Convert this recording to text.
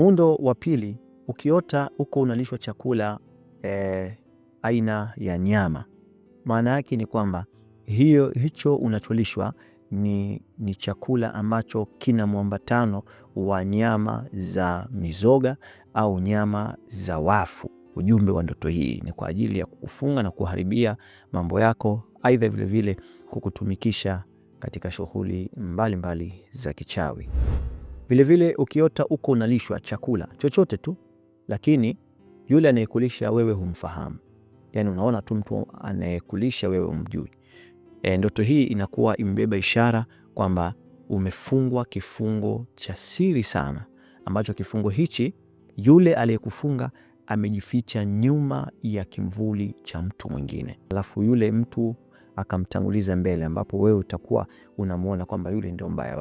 Muundo wa pili, ukiota uko unalishwa chakula e, aina ya nyama. Maana yake ni kwamba hiyo hicho unacholishwa ni, ni chakula ambacho kina mwambatano wa nyama za mizoga au nyama za wafu. Ujumbe wa ndoto hii ni kwa ajili ya kukufunga na kuharibia mambo yako, aidha vilevile kukutumikisha katika shughuli mbalimbali za kichawi. Vilevile ukiota uko unalishwa chakula chochote tu, lakini yule anayekulisha wewe humfahamu, yani unaona tu mtu anayekulisha wewe umjui. E, ndoto hii inakuwa imebeba ishara kwamba umefungwa kifungo cha siri sana, ambacho kifungo hichi yule aliyekufunga amejificha nyuma ya kimvuli cha mtu mwingine, alafu yule mtu akamtanguliza mbele, ambapo wewe utakuwa unamwona kwamba yule ndio mbaya.